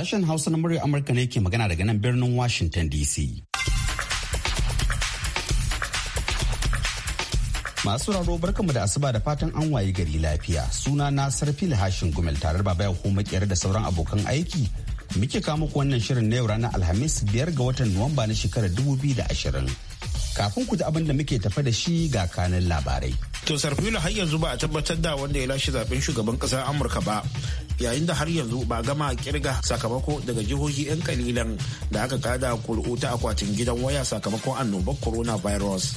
Sashen Hausa na murya Amurka ne ke magana daga nan birnin Washington DC. Masu raro barkanmu da asuba da fatan an wayi gari lafiya. Suna na Sarfil Hashin Gumel tare da Babaya Homakiyar da sauran abokan aiki. Muke kama muku wannan shirin na yau ranar Alhamis biyar ga watan Nuwamba na shekarar 2020. Kafin ku ji abin da muke tafa da shi ga kanin labarai. To Sarfilo har yanzu ba a tabbatar da wanda ya lashe zaben shugaban ƙasar Amurka ba. yayin da har yanzu ba gama kirga sakamako daga jihohi 'yan kalilan da aka kada kuri'u ta akwatin gidan waya sakamakon annobar coronavirus.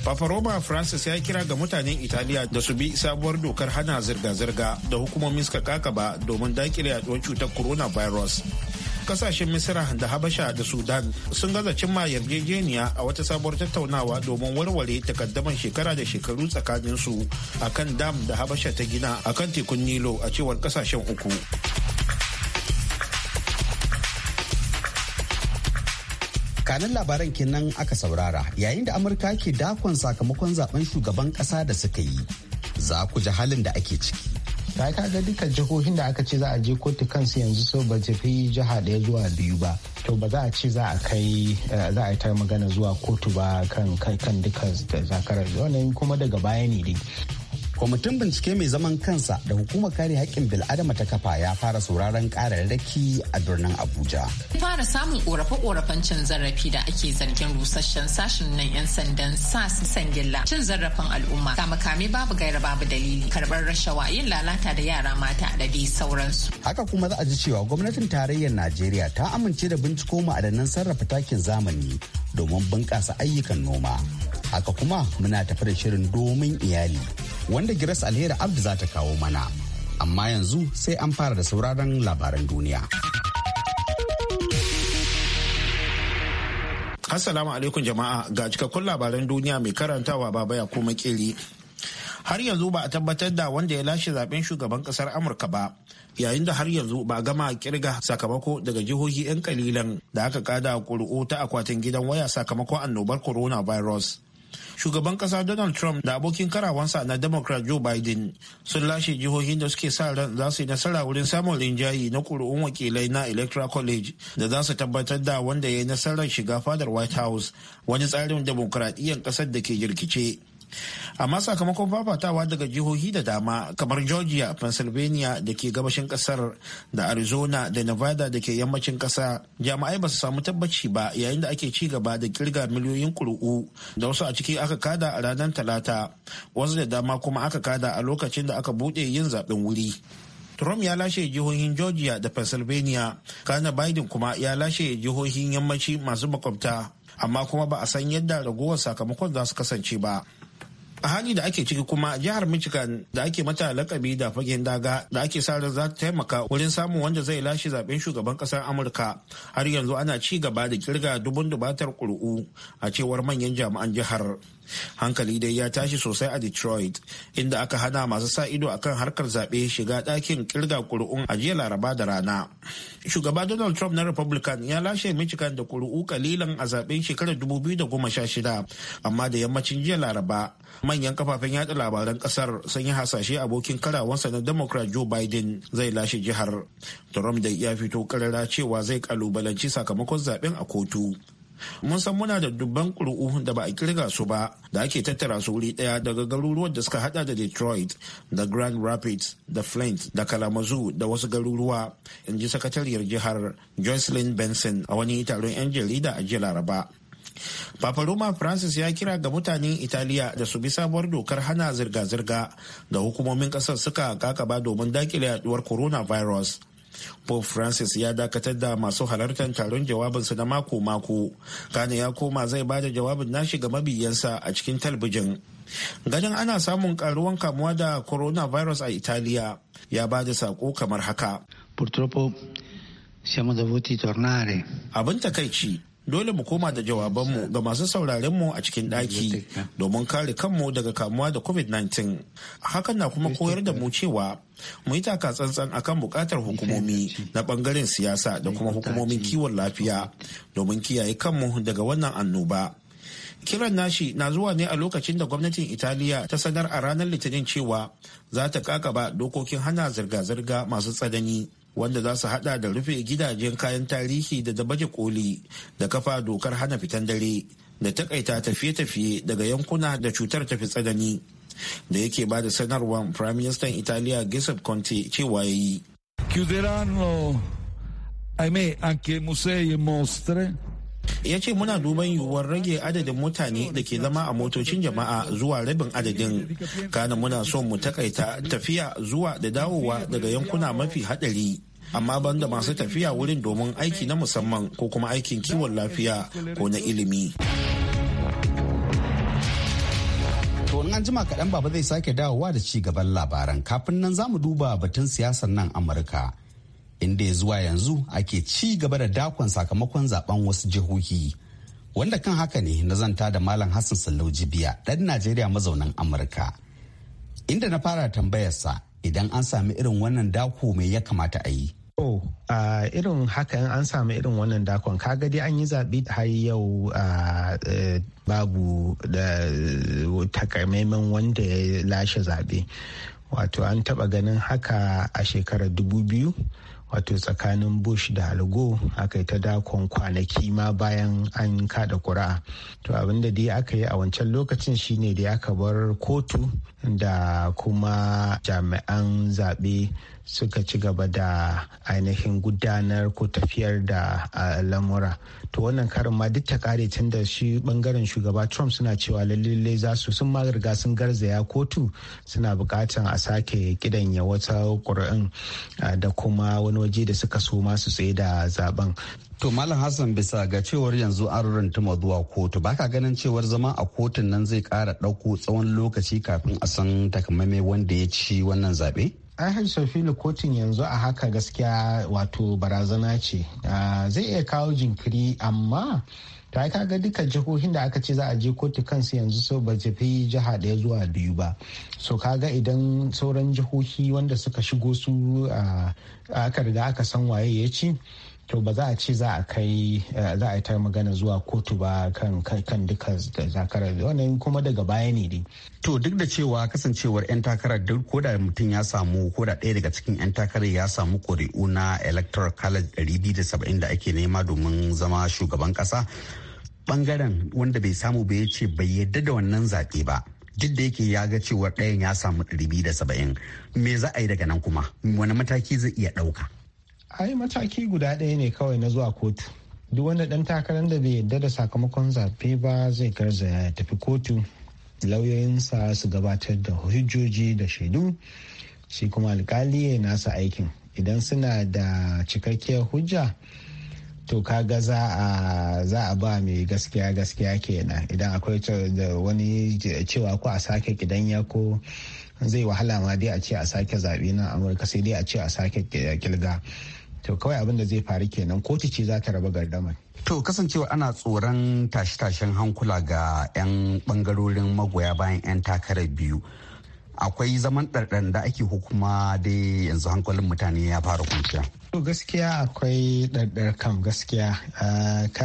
Papa Roma Francis ya kira ga mutanen Italiya da su bi sabuwar dokar hana zirga-zirga da hukumomin suka kaka ba domin dakile yaduwar cutar coronavirus. virus. kasashen misira da habasha da sudan sun gaza cimma yarjejeniya a wata sabuwar tattaunawa domin warware takaddaman shekara da shekaru tsakanin su akan dam da habasha ta gina akan tekun nilo a cewar kasashen uku kanin labaran kenan aka saurara yayin da amurka ke dakon sakamakon zaben shugaban kasa da suka yi za ku ji halin da ake ciki ta ga duka jihohin da aka ce za a je kotu kansu yanzu so ba ta fi jiha daya zuwa biyu ba to ba za a ce za a kai eh, za a yi ta magana zuwa kotu ba kan kan duka zakarar wannan kuma daga baya ne dai kwamitin bincike mai zaman kansa da hukumar kare haƙƙin bil'adama ta kafa ya fara sauraron ƙararraki a birnin abuja fara samun ƙorafe-ƙorafen cin zarafi da ake zargin rusasshen sashen nan 'yan sandan sas sangilla cin zarafin al'umma kame babu gaira babu dalili karɓar rashawa yin lalata da yara mata da dai sauransu haka kuma za a ji cewa gwamnatin tarayyar najeriya ta amince da binciko ma'adanan sarrafa takin zamani domin bunƙasa ayyukan noma haka kuma muna tafi da shirin domin iyali wanda giras Alheri Abdu za ta kawo mana. Amma yanzu sai an fara da sauraron labaran duniya. Assalamu alaikum jama'a ga cikakkun labaran duniya mai karantawa baba ya kuma kiri. har yanzu ba a tabbatar da wanda ya lashe zaben shugaban kasar amurka ba yayin da har yanzu ba a gama kirga sakamako daga jihohi 'yan kalilan da aka kada kuri'u ta akwatin gidan waya sakamakon annobar coronavirus shugaban kasa donald trump da abokin karawansa na democrat joe biden sun lashe jihohin da suke sa ran za su yi nasara wurin samun rinjaye na kuri'un wakilai na electoral college da za su tabbatar da wanda ya yi nasarar shiga fadar white house wani tsarin demokuraɗiyyar ƙasar da ke jirkice amma sakamakon fafatawa daga jihohi da dama kamar georgia pennsylvania da ke gabashin kasar da arizona da nevada da ke yammacin kasa jami'ai ba su samu tabbaci ba yayin da ake ci gaba da kirga miliyoyin kuri'u da wasu a ciki aka kada a ranar talata wasu da dama kuma aka kada a lokacin da aka bude yin zaben wuri Trump ya lashe jihohin Georgia da Pennsylvania, kana Biden kuma ya lashe jihohin yammaci masu makwabta, amma kuma ba a san yadda ragowar sakamakon za su kasance ba. a hali da ake ciki kuma jihar michigan da ake mata lakabi da fagen daga da ake sa ran za ta taimaka wurin samun wanda zai lashe zaben shugaban kasar amurka har yanzu ana ci gaba da kirga dubun dubatar ƙuri'u a cewar manyan jami'an jihar hankali dai ya tashi sosai a detroit inda aka hana masu sa ido akan harkar zaɓe shiga ɗakin kirga kuri'un a jiya laraba da rana shugaba donald trump na republican ya lashe michigan da kuri'u kalilan a zaɓen shekarar 2016 amma da yammacin jiya laraba manyan kafafen yada labaran kasar sun yi hasashe abokin karawansa na democrat joe biden zai lashe jihar trump dai ya fito karara cewa zai kalubalanci sakamakon zaɓen a kotu mun san muna da dubban ƙuri'u da ba a kirga su ba da ake tattara su wuri ɗaya daga garuruwan da suka hada da detroit da grand rapids da flint da kalamazoo da wasu garuruwa in ji sakatariyar jihar jocelyn benson a wani taron 'yan jarida a jiya laraba Papa Roma Francis ya kira ga mutanen Italiya da su bi sabuwar dokar hana zirga-zirga da hukumomin ƙasar suka kakaba domin dakile yaduwar coronavirus pope francis ya dakatar da masu halartar taron jawabinsa na mako-mako kane ya koma zai ba da jawabin nashi ga mabiyansa a cikin talbijin ganin ana samun karuwan kamuwa da coronavirus a italiya ya ba da sako kamar haka Abin takaici dole mu koma da jawabanmu ga masu saurarenmu a cikin ɗaki domin kare kanmu daga kamuwa da covid-19 hakan na kuma koyar da mu cewa mu yi taka tsantsan akan bukatar hukumomi na ɓangaren siyasa da kuma hukumomin kiwon lafiya domin kiyaye kanmu daga wannan annoba. kiran nashi na zuwa ne a lokacin da gwamnatin italiya ta sanar a ranar litinin cewa za ta kakaba dokokin hana zirga-zirga masu tsanani wanda za su hada da rufe gidajen kayan tarihi da da baje koli da kafa dokar hana fitan dare da takaita tafiye-tafiye daga yankuna da cutar tafi tsanani da yake ba da sanarwar prime minister italiya giuseppe conte cewa ya yi ya ce muna duban yiwuwar rage adadin mutane da ke zama a motocin jama'a zuwa rabin adadin kana muna son mu takaita tafiya zuwa da dawowa daga yankuna mafi hadari amma banda masu tafiya wurin domin aiki na musamman ko kuma aikin kiwon lafiya ko na ilimi to an jima kaɗan baba zai sake dawowa da ci gaban labaran kafin nan za mu duba batun siyasar nan amurka inda ya zuwa yanzu ake ci gaba da dakon sakamakon zaben wasu jihohi wanda kan haka ne na zanta da malam hassan sallauji biya ɗan najeriya mazaunan amurka inda na fara tambayarsa idan an sami irin wannan dako mai ya kamata a yi Oh, irin haka an sami irin wannan dakon kaga dai an yi zaɓi har yau e, babu da takamaiman wanda ya lashe zaɓe wato an taɓa ganin haka a shekarar dubu biyu wato tsakanin bush da algo aka yi ta dakon kwanaki ma bayan an kada kura to abinda dai aka yi a wancan lokacin shine da aka bar kotu da kuma jami'an zaɓe suka ci gaba da ainihin gudanar ko tafiyar da lamura to wannan karin ma duk ta kare tun da shi bangaren shugaba trump suna cewa lalle za su sun ma riga sun garzaya kotu suna bukatan a sake kidanya wata ƙuri'in da kuma wani waje da suka so masu tsaye da zaben To Malam Hassan bisa ga cewar yanzu an rantuma zuwa kotu baka ganin cewar zama a kotun nan zai kara ɗauko tsawon lokaci kafin a san takamaime wanda ya ci wannan zaɓe? ai sofilu kotun yanzu a haka gaskiya wato barazana ce ah, zai iya kawo jinkiri amma ta ga duka jihohin da aka ce za a je kotu kansu yanzu so ba fi jiha ɗaya zuwa biyu ba so ga idan sauran jihohi wanda suka shigo su ah, aka riga aka san waye ya ci to ba za a ce za a kai eh, za a yi ta magana zuwa kotu ba kan kan duka da wannan kuma daga baya ne dai to duk da cewa kasancewar yan takarar duk ko da mutum ya samu ko da ɗaya daga cikin yan takarar ya samu ƙuri'u na electoral college 270 da ake nema domin zama shugaban ƙasa bangaren wanda bai samu ba ya ce bai yadda da wannan zaɓe ba duk da yake ya ga cewa ɗayan ya samu 270 me za a yi daga nan kuma wani mataki zai iya ɗauka ai mataki guda ɗaya ne kawai na zuwa kotu duk wanda ɗan takarar da bai yarda da sakamakon zaɓe ba zai garza ya tafi kotu lauyoyinsa su gabatar da hujjoji da shaidu shi kuma alkali ya nasa aikin idan suna da cikakkiyar hujja to ka ga a za a ba mai gaskiya gaskiya kenan idan akwai wani cewa ko a sake ya ko zai wahala ma dai a ce a sake zaɓe na amurka sai dai a ce a sake kilga to kawai abin da zai faru kenan kotu ce za ta raba gardamar to kasancewa ana tsoron tashi tashen hankula ga 'yan bangarorin magoya bayan 'yan takarar biyu akwai zaman ɗarɗar da ake hukuma dai yanzu hankalin mutane ya fara kwanciya. gaskiya akwai ɗarɗar kam gaskiya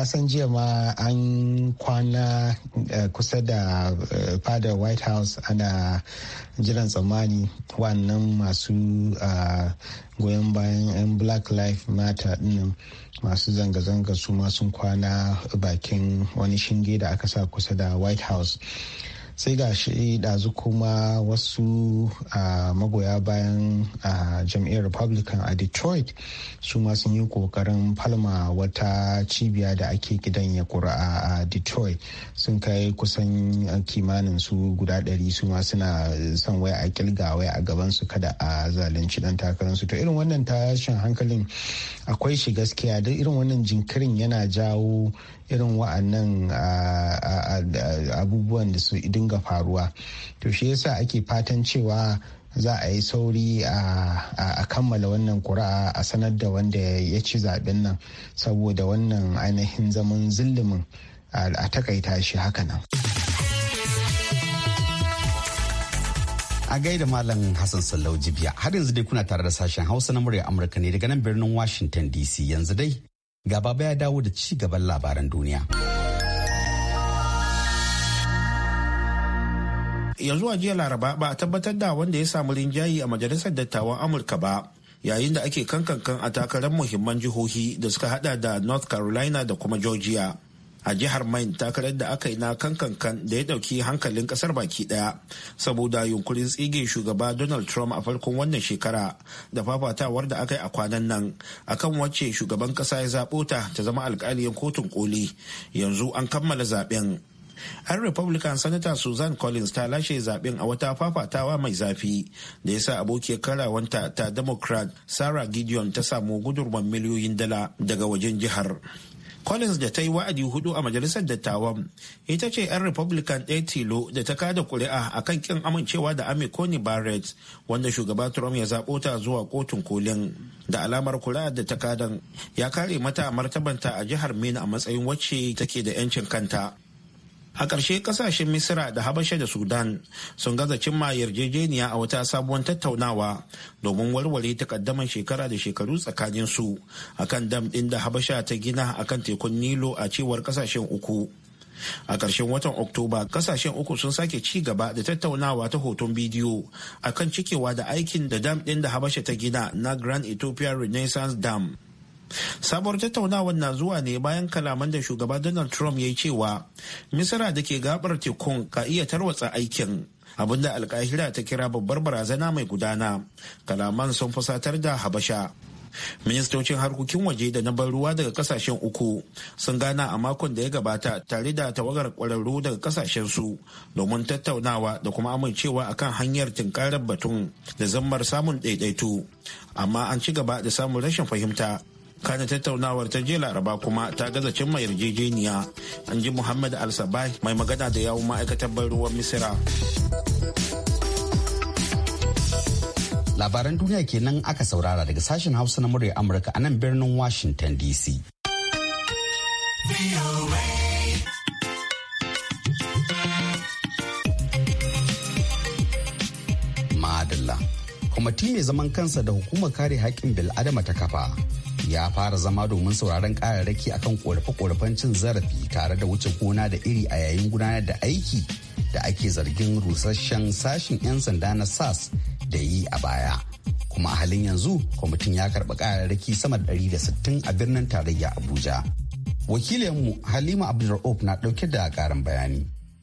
san jiya ma an kwana eh, kusa da eh, fadar white house ana jiran tsammani wannan masu goyon bayan 'yan black life matter dinnan masu zanga-zanga su ma kwana bakin wani shinge da aka sa kusa da white house sai ga shi ɗazu kuma wasu magoya bayan jam'iyyar republican a detroit su ma sun yi kokarin falma wata cibiya da ake gidan ya kura a detroit sun kai kusan kimanin su guda ɗari su ma suna son waya a kilga waya a gaban su kada a zalunci dan takararsu to irin wannan tashin hankalin akwai shi gaskiya da irin wannan jinkirin yana jawo irin wa'annan abubuwan da su idin dinga faruwa to shi yasa ake fatan cewa za a yi sauri a kammala wannan kura a sanar da wanda ya ci zaben nan saboda wannan ainihin zaman zillimin a takaita shi haka nan. a gaida malam hassan sallau jibiya har yanzu dai kuna tare da sashen hausa na murya amurka ne daga nan birnin washington dc yanzu dai gaba ya dawo da ci gaban labaran duniya. yanzu a jiya laraba ba a tabbatar da wanda ya samu rinjayi a majalisar dattawan amurka ba yayin da ake kankankan a takarar muhimman jihohi da suka hada da north carolina da kuma georgia a jihar maine takarar da aka yi na kankankan da ya dauki hankalin kasar baki daya saboda yunkurin tsige shugaba donald trump a farkon wannan shekara da fafatawar da aka yi a kwanan nan akan wacce shugaban kasa ya zaɓo ta ta zama alkaliyan kotun koli yanzu an kammala zaben 'yan republican Senator susan collins ta lashe zaben a wata fafatawa mai zafi da ya sa abokiyar karawanta ta democrat sarah gideon ta samu gudurman miliyoyin dala daga wajen jihar collins da ta yi wa'adi hudu a majalisar dattawan ita ce 'yan republican ɗaya tilo da ta kada kuri'a a kan kin amincewa da amy coney barrett wanda shugaba trump ya zaɓo ta zuwa kotun kolin da alamar kuri'a da ta kadan ya kare mata martabanta a jihar maine a matsayin wacce take da 'yancin kanta a ƙarshe ƙasashen misira da habasha da sudan sun gaza cimma yarjejeniya a wata sabuwar tattaunawa domin warware takaddaman shekara da shekaru tsakanin su akan dam ɗin da habasha ta gina akan tekun nilo a cewar ƙasashen uku a ƙarshen watan oktoba ƙasashen uku sun sake ci gaba da tattaunawa ta hoton bidiyo akan cikewa da aikin da dam ɗin da habasha ta gina na grand ethiopia renaissance dam sabuwar tattaunawar na zuwa ne bayan kalaman da shugaba donald trump ya yi cewa misira da ke gabar tekun ka iya tarwatsa aikin abinda alkahira ta kira babbar barazana mai gudana kalaman sun fusatar da habasha ministocin harkokin waje da na ban ruwa daga kasashen uku sun gana a makon da ya gabata tare da tawagar kwararru daga kasashen su domin tattaunawa da kuma amincewa akan hanyar tinkarar batun da zammar samun daidaito amma an ci gaba da samun rashin fahimta kana tattaunawar ta je laraba kuma ta gaza cimma yarjejeniya an ji muhammad al-sabai mai magana da yawun ma'aikatar ban ruwan misira labaran duniya kenan aka saurara daga sashen hausa na murya amurka a nan birnin washington dc kwamati mai zaman kansa da hukumar kare haƙƙin bil'adama ta kafa ya fara zama domin sauraron kararraki akan korafe-korafen cin zarafi tare da wuce gona da iri a yayin gudanar da aiki da ake zargin rusasshen sashen 'yan sanda na sas da yi a baya kuma a halin yanzu kwamitin ya karɓi kararraki sama da 160 a birnin tarayya abuja wakilinmu halima abdulrahman na ɗauke da ƙarin bayani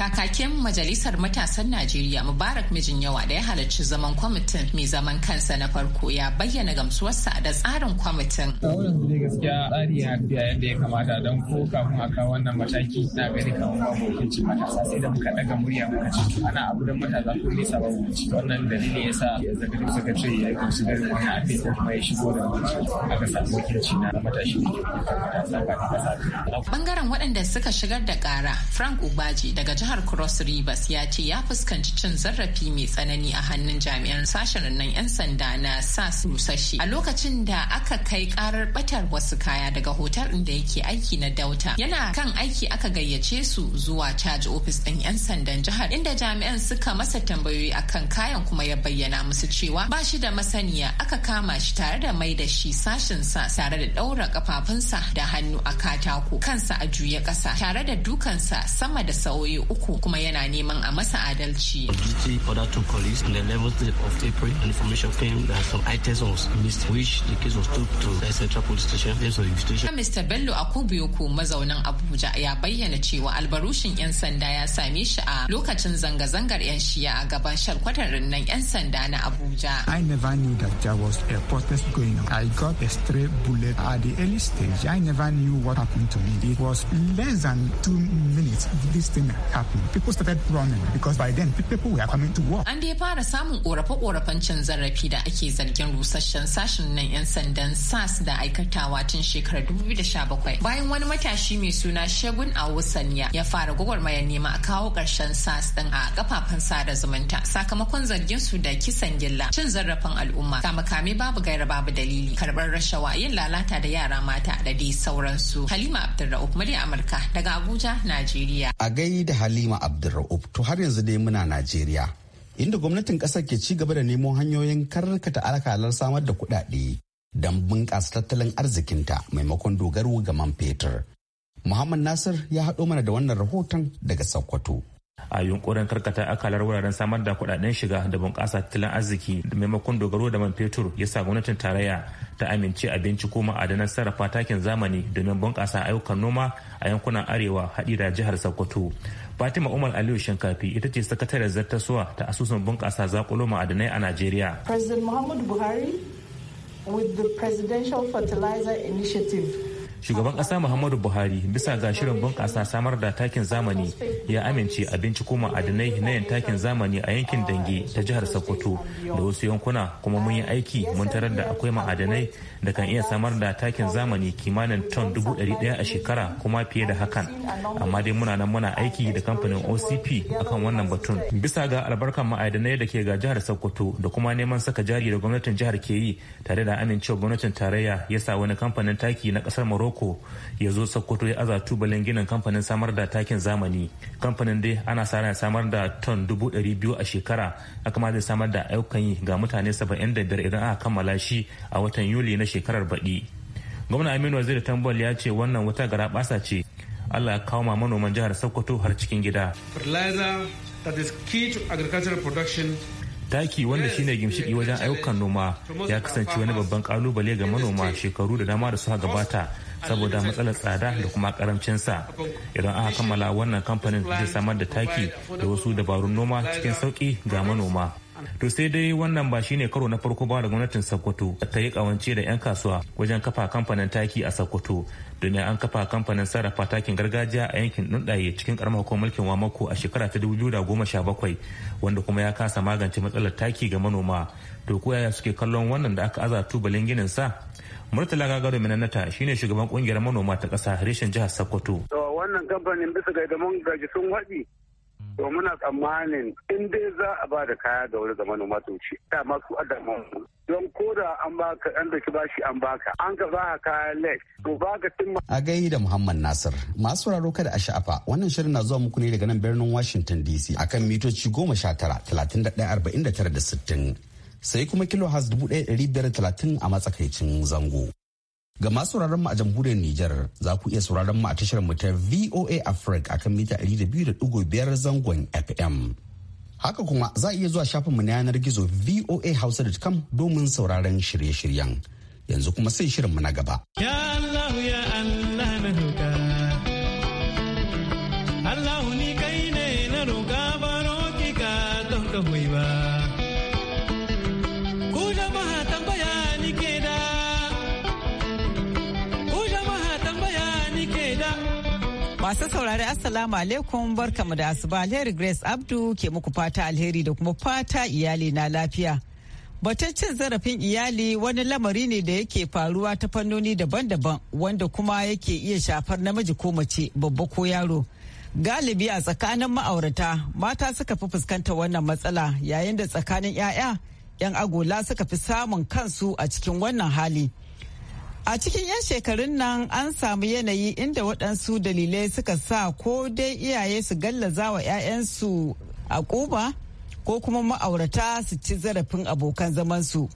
Kakakin Majalisar Matasan Najeriya Mubarak Mijin Yawa da ya halarci zaman kwamitin mai zaman kansa na farko ya bayyana gamsuwarsa da tsarin kwamitin. Tsawon wurin gaskiya tsari ya tafiya yadda ya kamata don ko kafin a kawo wannan mataki na gani kamar babu hukunci matasa sai da muka daga murya muka ce ana abu don matasa ko nisa ba ci wannan dalilin ya sa ya zaga da suka ce ya yi gamsu da wani abin ko kuma ya shigo da hukunci aka samu hukunci na matashi ne matasa ba ta kasa. Bangaren waɗanda suka shigar da ƙara Frank Ubaji daga jihar Cross Rivers ya ce ya fuskanci cin zarafi mai tsanani a hannun jami'an sashen nan 'yan sanda na SAS Musashi a lokacin da aka kai karar batar wasu kaya daga hotel da yake aiki na Dauta. Yana kan aiki aka gayyace su zuwa caji ofis ɗin 'yan sandan jihar inda jami'an suka masa tambayoyi akan kayan kuma ya bayyana musu cewa ba shi da masaniya aka kama shi tare da mai da shi sa tare da ɗaura kafafunsa da hannu a katako kansa a juya kasa tare da dukansa sama da sauyi lauyoyi uku kuma yana neman a masa adalci. Mr. Bello Akubiyoko mazaunin Abuja ya bayyana cewa albarushin 'yan sanda ya same shi a lokacin zanga-zangar 'yan shiya a gaban shalkwatarin nan 'yan sanda na Abuja. I never knew that there was a protest going on. I got a stray bullet at the early stage. I never knew what happened to me. It was less than two minutes this thing happen. People started running because by then people were coming to work. An dai fara samun korafe-korafen cin zarafi da ake zargin rusasshen sashen nan 'yan sandan SAS da aikatawa tun shekarar 2017 bayan wani matashi mai suna Shegun Awusanya ya fara gwagwarmaya nema a kawo ƙarshen SAS ɗin a kafafen sada zumunta sakamakon zargin su da kisan gilla cin zarafin al'umma kamakame babu gaira babu dalili karɓar rashawa yin lalata da yara mata da dai sauransu. Halima Abdulra'uf Amurka daga Abuja, Najeriya. A gaida da halima abdulra'uf to har yanzu dai muna najeriya inda gwamnatin ƙasar ke ci gaba da nemo hanyoyin karkata alkalar samar da kuɗaɗe don bunƙasa tattalin arzikinta maimakon dogaro ga man fetur muhammad nasir ya haɗo mana da wannan rahoton daga sokoto a yunkurin karkata akalar wuraren samar da kudaden shiga da bunƙasa tattalin arziki da maimakon dogaro da man fetur ya sa gwamnatin tarayya ta amince a binciko ma'adanan sarrafa takin zamani domin bunƙasa ayyukan noma a yankunan arewa haɗi da jihar sokoto Fatima Umar Aliyu Shinkafi ita ce sakataren zartaswa ta asusun bunƙasa zakulo ma'adanai a Najeriya. President Muhammadu Buhari with the Presidential Fertilizer Initiative shugaban ƙasa muhammadu buhari bisa ga shirin bunƙasa samar da takin zamani ya amince a binciko ma'adanai na yin takin zamani a yankin dange ta jihar sokoto da wasu yankuna kuma mun yi aiki mun tarar da akwai ma'adinai da kan iya samar da takin zamani kimanin ton dubu ɗari ɗaya a shekara kuma fiye da hakan amma dai muna nan muna aiki da kamfanin ocp akan wannan batun bisa ga albarkan ma'adinai da ke ga jihar sokoto da kuma neman saka jari da gwamnatin jihar ke yi tare da amincewa gwamnatin tarayya ya sa wani kamfanin taki na ƙasar morocco Morocco ya zo Sokoto ya aza tubalin ginin kamfanin samar da takin zamani. Kamfanin dai ana sa ran samar da ton dubu ɗari biyu a shekara haka ma zai samar da ayyukan yi ga mutane saba'in da biyar idan aka kammala shi a watan Yuli na shekarar baɗi. Gwamna Aminu Waziri Tambol ya ce wannan wata gara ce Allah ya kawo ma manoman jihar Sokoto har cikin gida. Fertilizer that is key to agricultural production taki wanda shine gimshiki wajen ayyukan noma ya kasance wani babban kalubale ga manoma shekaru da dama da suka gabata saboda matsalar tsada da kuma sa idan aka kammala wannan kamfanin zai samar da taki da wasu dabarun noma cikin sauki ga manoma to sai dai wannan ba shine karo na farko ba da gwamnatin sokoto ta yi kawance da 'yan kasuwa wajen kafa kamfanin taki a sokoto domin an kafa kamfanin sarrafa takin gargajiya a yankin dundaye cikin karamar hukumar mulkin wamako a shekara ta 2017 wanda kuma ya kasa magance matsalar taki ga manoma to ko yaya suke kallon wannan da aka aza tubalin ginin sa murtala gagaro minanata shine shugaban kungiyar manoma ta kasa reshen jihar sokoto wannan kamfanin bisa ga mun gaji sun waɗi to muna tsammanin in dai za a ba da kaya ga wani zamanin matoci ta su adama don ko da an baka an da ki bashi an baka an ka ba kaya lek to ka tun a gai da Muhammad Nasir masu raro kada a sha'afa wannan shirin na zuwa muku ne daga nan birnin Washington DC akan mitoci goma sha tara, talatin da ɗaya arba'in da da tara sittin, sai kuma kilo has talatin a matsakaicin zango Ga masu sauraron mu a jamhuriyar Nijar za ku iya sauraron mu a tashar mu ta VOA Africa akan mita 200.5 zangon FM. Haka kuma za a iya zuwa shafin mu na yanar gizo voahausa.com domin sauraron shirye-shiryen. Yanzu kuma sai shirin mu na gaba. Ya Allah ya Allah. Assalamu alaikum barkamu da asuba alheri Grace Abdu ke muku fata alheri da kuma fata iyali na lafiya. Batun zarafin iyali wani lamari ne da yake faruwa ta fannoni daban-daban wanda kuma yake iya shafar namiji ko mace babba ko yaro. Galibi a tsakanin ma'aurata mata suka fi fuskanta wannan matsala yayin da tsakanin 'ya'ya 'yan agola suka fi samun kansu a cikin wannan hali. A cikin 'yan shekarun nan an samu yanayi inda waɗansu dalilai suka sa ko dai iyaye su gallaza wa 'ya'yansu a ƙuba ko kuma ma'aurata su ci zarafin abokan zamansu.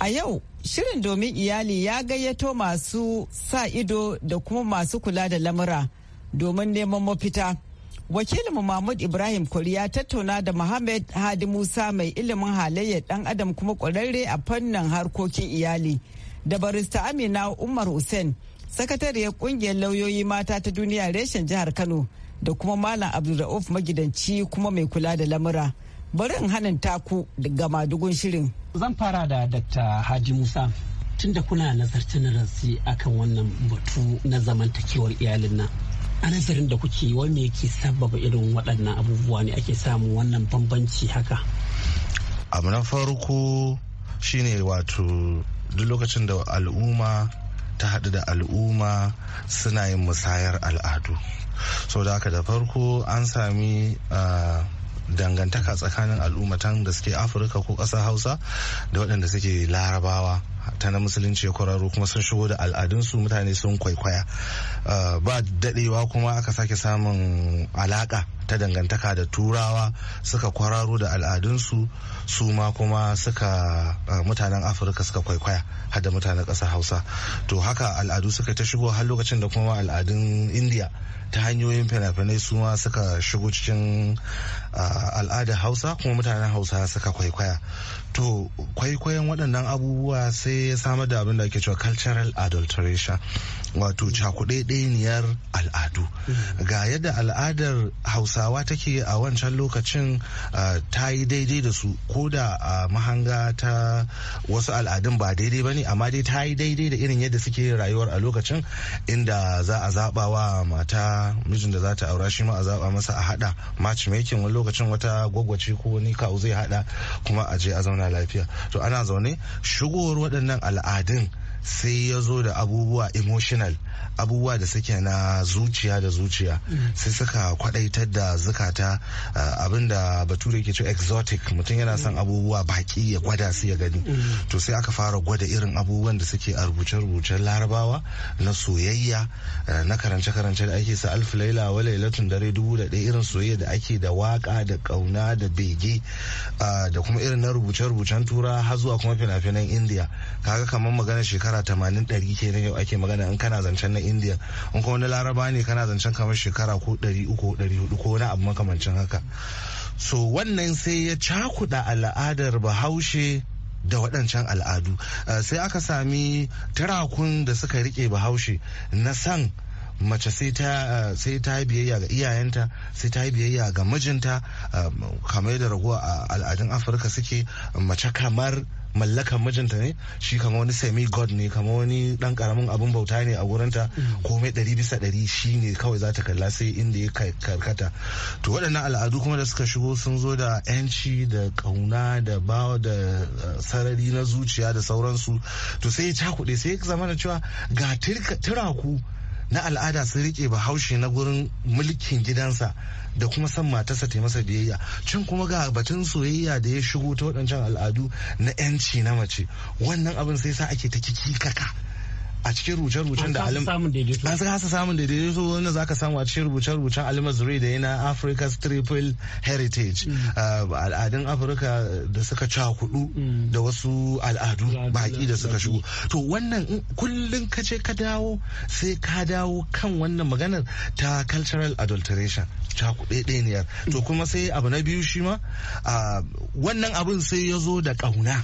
A yau, shirin domin iyali ya gayyato masu sa ido da kuma masu kula da lamura domin neman mafita. Wakilinmu Mahmud Ibrahim Koriya tattauna da Muhammad Hadi Musa mai ilimin halayyar ɗan adam kuma ƙwararre a fannin harkokin iyali. da barista amina umar hussein sakatariyar kungiyar lauyoyi mata ta duniya reshen jihar kano da kuma malam abdulrauf magidanci kuma mai kula da lamura bari in hanin taku ga madugun shirin zan fara da dr haji musa tun da kuna nazarci rasi akan wannan batu na zamantakewar iyalin nan a nazarin da kuke me yake sababa irin waɗannan abubuwa ne ake samun wannan bambanci haka abu na farko shine wato duk lokacin da al'umma ta haɗu da al'umma suna yin musayar al'adu so da haka da farko an sami dangantaka tsakanin al'ummatan da suke afirka ko ƙasar hausa da waɗanda suke larabawa ta na musulunci ya kwararo kuma sun shigo da al'adunsu mutane sun kwaikwaya uh, ba dadewa kuma aka sake samun alaka ta dangantaka da turawa suka kwararo da al'adunsu su ma kuma suka uh, mutanen afirka suka kwaikwaya har da mutanen ƙasar hausa to haka al'adu suka ta shigo har lokacin da kuma al'adun indiya ta hanyoyin fina-finai su ma suka shigo cikin uh, al'adar hausa kuma mutanen hausa suka kwaikwaya to kwaikwayon waɗannan abubuwa sai ya samar da abin da ake cewa cultural adulteration wato cakuɗaɗɗeniyar al'adu ga yadda al'adar hausawa take a wancan lokacin ta yi daidai da su ko da a mahanga ta wasu al'adun ba daidai ba ne amma dai ta yi daidai da irin yadda suke rayuwar a lokacin inda za a zaɓa wa mata mijin da za ta aura shi ma a zaɓa masa a haɗa matchmaking wani lokacin wata gwagwace ko wani kawo zai haɗa kuma a je a zauna lafiya to ana zaune shigowar waɗannan al'adun sai ya zo da abubuwa emotional abubuwa da suke na zuciya da zuciya sai suka kwadaitar da zukata eh, abinda bature ke cewa exotic mutum yana son abubuwa baki ya gwada su ya gani to sai aka fara gwada irin abubuwan da suke a rubuce-rubucen larabawa na soyayya eh, na karance-karance da ake sa alfi laila wa lailatun dare dubu da ɗaya irin soyayya da ake da waka da kauna da bege eh, da kuma irin na rubuce-rubucen tura har zuwa kuma fina-finan india kaga kamar magana shekara shekara tamanin ɗari kenan yau ake magana in kana zancen na indiya in kuma wani laraba ne kana zancen kamar shekara ko uku ko hudu ko wani abu makamancin haka so wannan sai ya cakuɗa al'adar bahaushe da waɗancan al'adu uh, sai aka sami turakun da suka rike bahaushe na san mace uh, sai ta yi biyayya ga iyayenta sai ta yi biyayya ga mijinta um, kamar yadda raguwa al'adun afirka suke mace kamar mallakan mijinta ne shi kama wani semi god ne kama wani dan karamin abun bauta ne a gurinta mm. komai ɗari bisa ɗari shi ne kawai za ta kalla sai inda ya karkata to waɗannan al'adu kuma da suka shigo sun zo da 'yanci da ƙauna da bawa da uh, sarari na zuciya da sauransu to sai ya cakuɗe sai ya zama da cewa ga turaku na al'ada sun rike bahaushe na gurin mulkin gidansa da kuma san matarsa ta masa biyayya can kuma ga batun soyayya da ya shigo ta waɗancan al'adu na 'yanci na mace wannan abin sai sa ake ta kikikaka a cikin rubuce-rubucen da alim an kasa samun daidaito wannan zaka samu a cikin rubuce-rubucen almazuri da yana africa's triple heritage mm. al'adun afirka da suka cakudu mm. da wasu al'adu baki da suka shigo to wannan kullum ka ce ka dawo sai ka dawo kan wannan maganar ta cultural adulteration cakuɗeɗeniyar to kuma sai abu na biyu shi ma wannan abin sai ya zo da ƙauna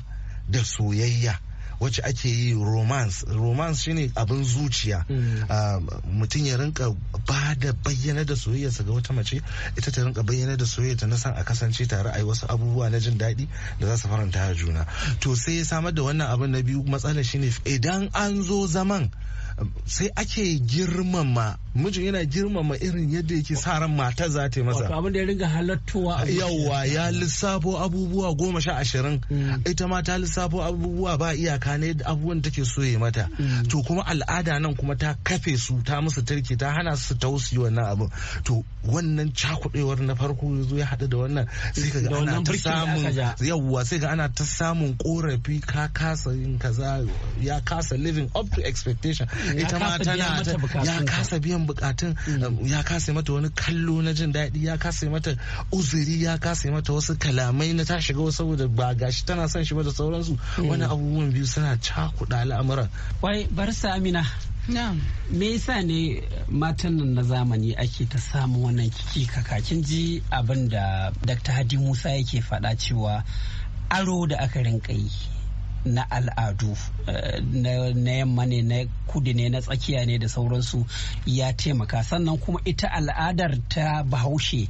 da soyayya wacce ake yi romance romance shine abin zuciya mm. ah, mutum ya rinka ba da bayyana da soyayyarsa ga wata mace ita ta rinka bayyana da soyayyarta na san a kasance tare a yi wasu abubuwa na jin daɗi da za su faranta juna to sai ya samar da wannan abin na biyu matsalar shine idan an zo zaman sai ake girmama mijin yana girmama irin yadda yake sa ran mata za ta yi masa abin da ya ringa halattuwa. Yawwa ya lissafo abubuwa goma sha ashirin mm. ita ma ta lissafo abubuwa ba iyaka ne abubuwan take so ya mata mm. to kuma al'ada nan kuma ta kafe su ta musu tarki ta hana su tausi wannan abin to wannan cakudewar na farko ya zo ya haɗu da wannan sai ka ga ana ta samun yawwa sai ka ana ta samun korafi ka kasa yin kaza ya kasa living up to expectation mm, ita ma tana ya kasa biyan waɗannan bukatun um, ya kasa mata wani kallo na jin daɗi ya kasa mata uzuri ya kasa mata wasu kalamai na ta shiga saboda ba gashi tana son shi ba da sauransu hmm. wani abubuwan biyu suna cakuɗa al'amuran. Wai barsa Amina. Me yasa ne matan nan na zamani ake ta samu wannan kiki kakakin ji abin da Dr. Hadi Musa yake faɗa cewa aro da aka rinka yi na al'adu eh, na yamma ne na kudu ne na tsakiya ne da sauransu ya taimaka sannan kuma ita al'adar ta bahaushe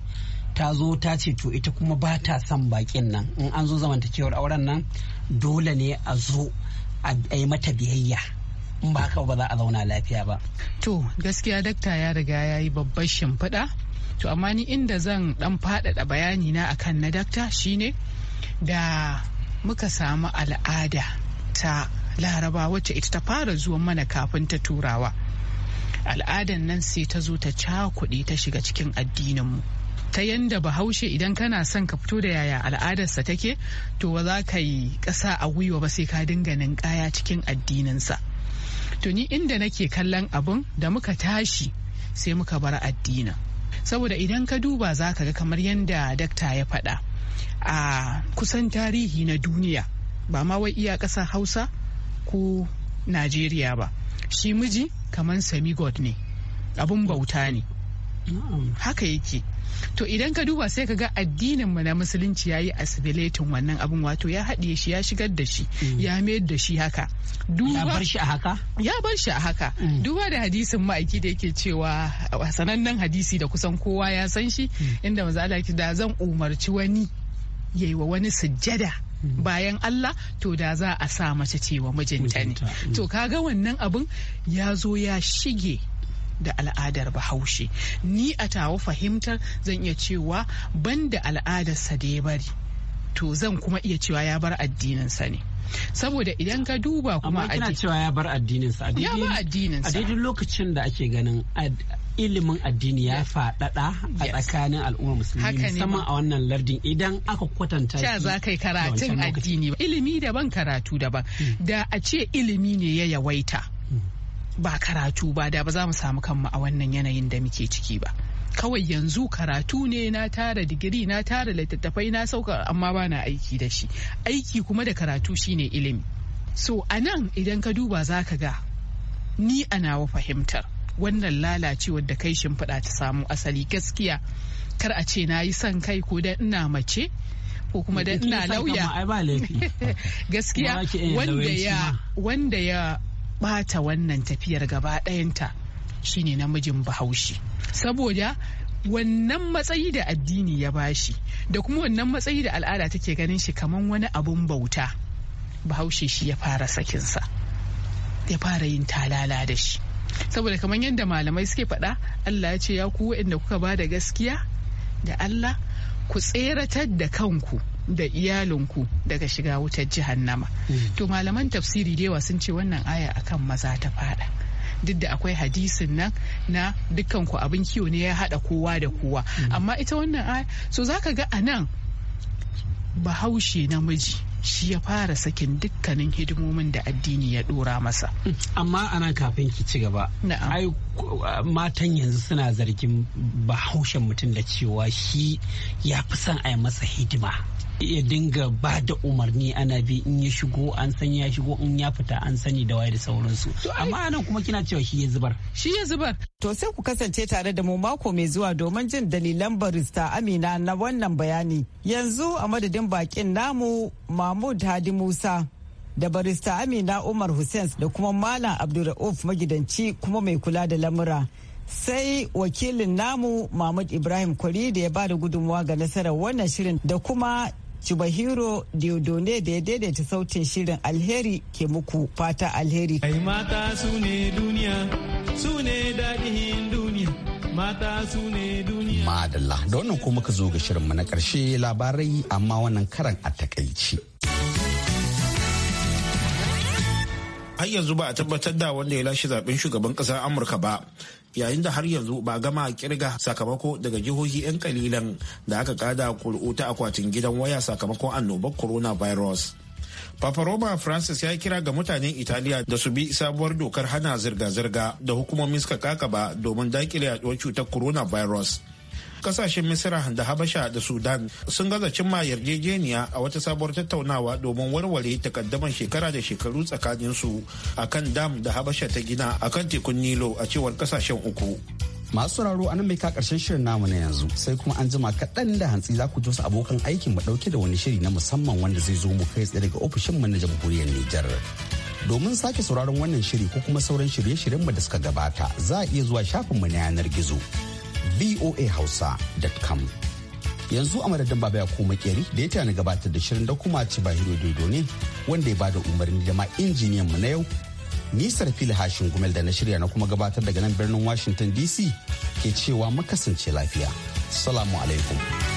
ta zo ta ce to ita kuma ba ta son bakin nan in an zo zamantakewar auren nan dole ne a zo a yi mata biyayya in ba haka ba za a zauna lafiya ba to gaskiya dakta ya riga ya yi babbar shimfiɗa to amma ni inda zan dan faɗaɗa bayani na akan na dakta shine da muka samu al'ada ta laraba wacce ita ta fara zuwan mana kafin ta turawa al'adan nan sai ta zo ta cakuɗe ta shiga cikin addininmu ta yanda bahaushe idan kana son ka fito da yaya al'adarsa take to ba za ka yi ƙasa a gwiwa ba sai ka dinga ninkaya cikin addininsa to ni inda nake kallon abun da muka tashi sai muka bar addinin saboda idan ka duba za ka ga kamar yadda dakta ya faɗa a kusan tarihi na duniya ba ma wai iya ƙasar hausa ko najeriya ba shi miji kamar Sami God ne abin bauta ne haka yake to idan ka duba sai ka ga addininmu na musulunci ya yi asibiletin wannan abin wato ya haɗiye shi ya shigar da shi mm. ya mayar da shi haka ya bar shi a haka ya bar a haka mm. duba da hadisin ma'aiki da yake cewa sanannen hadisi da kusan kowa ya san shi mm. inda maza da zan umarci wani ya yi wa wani sujjada hmm. bayan Allah to da za a sa mace ce wa mijinta ne hmm. to kaga wannan abin ya zo ya shige da al'adar bahaushe ni a tawo fahimtar zan iya cewa banda al'adar sa da ya bari to zan kuma iya cewa ya bar addininsa ne saboda idan ka duba kuma amma kina cewa ya bar addininsa a daidai lokacin da ake ganin ilimin addini ya faɗaɗa a tsakanin al'ummar musulmi musamman a wannan lardin idan aka kwatanta shi za kai karatun addini ilimi daban karatu daban hmm. da a ce ilimi ne ya yawaita hmm. ba karatu ba da ba za mu samu kanmu a wannan yanayin da muke ciki ba kawai yanzu karatu ne na tara digiri na tara littattafai na sauka amma ba na aiki da shi aiki kuma da karatu shine ilimi so a nan idan ka duba za ka ga ni ana nawa fahimtar wannan lalacewar da kai shimfiɗa ta samu asali gaskiya kar a ce na yi son kai ko dan ina mace ko kuma dan ina lauya gaskiya wanda ya wanda bata wannan tafiyar gaba ɗayanta shine namijin bahaushe saboda wannan matsayi da addini ya bashi da kuma wannan matsayi da al'ada take ganin shi kaman wani abun bauta bahaushe shi ya fara sakinsa ya fara yin talala da shi saboda kamar yadda malamai suke faɗa Allah ya ce ya ku waɗanda kuka ba da gaskiya da Allah ku tseratar da kanku da iyalinku daga shiga wutar nama. Mm. to malaman tafsiri da yawa sun ce wannan aya akan maza ta faɗa. duk da akwai hadisin nan na dukkan abin kiwo ne ya haɗa kowa da kowa mm. amma ita wannan aya so zaka ga anan bahaushe namiji shi ya fara sakin dukkanin hidimomin da addini ya dora masa amma ana kafin ki ci gaba ai matan yanzu suna zargin bahaushen mutum da cewa shi ya fi son a yi masa hidima ya dinga ba da umarni ana bi in ya shigo an sani ya shigo in ya fita an sani da waye da sauransu amma anan kuma kina cewa shi ya zubar shi ya zubar to sai ku kasance tare da mu mako mai zuwa domin jin dalilan barista Amina na wannan bayani yanzu a madadin bakin namu Mahmud Hadi Musa da barista Amina Umar Hussein da kuma Malam Abdulrauf magidanci kuma mai kula da lamura. Sai wakilin namu Mahmud Ibrahim Kwari da ya ba da gudunmawa ga nasarar wannan shirin da kuma Chubahiro Diodone da ya daidaita sautin shirin alheri ke muku fata alheri. Kai mata su ne duniya, su ne daɗin duniya, mata su ne duniya. Madalla, da wannan ko muka zo ga shirinmu na karshe labarai amma wannan karan a takaici. Har yanzu ba a tabbatar da wanda ya lashe zaben shugaban ƙasar Amurka ba, yayin da har yanzu ba gama kirga sakamako daga jihohi 'yan kalilan da aka kada kul'u ta akwatin gidan waya sakamakon annobar coronavirus. Papa Roma Francis ya kira ga mutanen Italiya da su bi sabuwar dokar hana zirga-zirga da hukumomin suka ba domin dakile yaduwar cutar coronavirus kasashen misira da habasha da sudan sun gaza cimma yarjejeniya a wata sabuwar tattaunawa domin warware takaddaman shekara da shekaru tsakanin su akan dam da habasha ta gina akan tekun nilo a cewar kasashen uku masu sauraro anan mai ka karshen shirin namu na yanzu sai kuma an jima kaɗan da hantsi za ku ji wasu abokan aikin mu ɗauke da wani shiri na musamman wanda zai zo mu kai tsaye daga ofishin mu na jamhuriyar Nijar. Domin sake sauraron wannan shiri ko kuma sauran shirye-shiryen mu da suka gabata za a iya zuwa shafin mu na yanar gizo voahausa.com. Yanzu a madadin baba ya koma keri da ya tana gabatar da shirin da kuma ci bahiro dodo ne wanda ya bada umarni da ma injiniyan mu na yau. Nisar fili hashin gumel da na shirya na kuma gabatar daga nan birnin Washington DC ke cewa makasance lafiya. Salamu alaikum.